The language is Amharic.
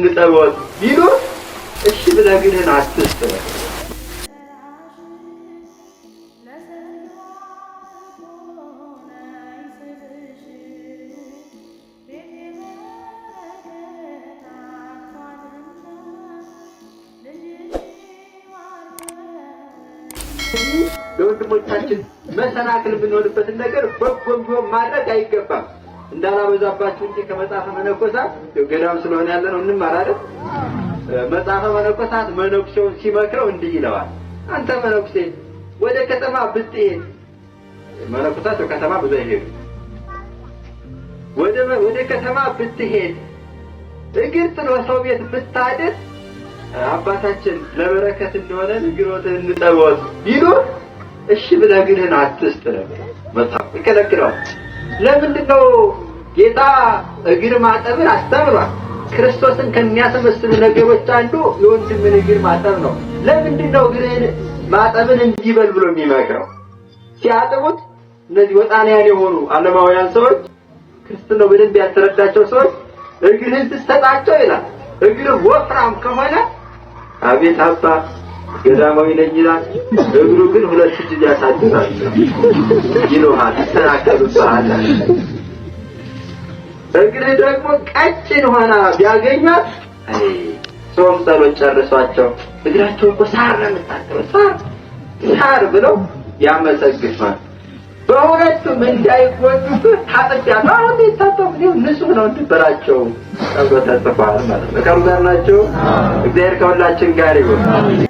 እንጠበቅ ቢሉህ እሺ ብለህ ግንህን አትስጥ። ለወንድሞቻችን መሰናክል የምንሆንበትን ነገር በጎ ማድረግ አይገባም። እንዳላበዛባችሁ እንጂ ከመጽሐፈ መነኮሳት ገዳም ስለሆነ ያለ ነው እንማር አይደል? መጽሐፈ መነኮሳት መነኩሴውን ሲመክረው እንዲህ ይለዋል። አንተ መነኩሴ ወደ ከተማ ብትሄድ፣ መነኮሳት ከተማ ብዙ አይሄዱ። ወደ ከተማ ብትሄድ፣ እግር ጥሎ ሰው ቤት ብታድር፣ አባታችን ለበረከት እንደሆነ እግሮትህን እንጠቦት ቢሉህ እሺ ብለህ ግንህን አትስጥ ነበር መጽሐፍ ይከለክለው። ለምንድን ነው ጌታ እግር ማጠብን አስተምሯል። ክርስቶስን ከሚያስመስሉ ነገሮች አንዱ የወንድምን እግር ማጠብ ነው። ለምንድን ነው እግርህን ማጠብን እንዲበል ብሎ የሚመክረው? ሲያጥቡት እነዚህ ወጣንያን የሆኑ አለማውያን ሰዎች ነው በደንብ ያልተረዳቸው ሰዎች እግርህን ትሰጣቸው ይላል። እግር ወፍራም ከሆነ አቤት አባ ገዳማዊ ነኝ ይላል። እግሩ ግን ሁለት እጅ ያሳድሳል ይልሃል፣ ይሰናከሉብሃል። እንግዲህ ደግሞ ቀጭን ሆና ቢያገኛት ሶም ጸሎት ጨርሷቸው እግራቸው እኮ ሳር ነው የምታቀበ ሳር ሳር ብለው ያመሰግኗል። በሁለቱም እንዳይጎዱብህ ኃጥያት አሁን ይታጠብ ነው ንጹህ ነው እንድበራቸው ተብሎ ተጽፏል ማለት ነው። ከሩጋር ናቸው። እግዚአብሔር ከሁላችን ጋር ይሁን።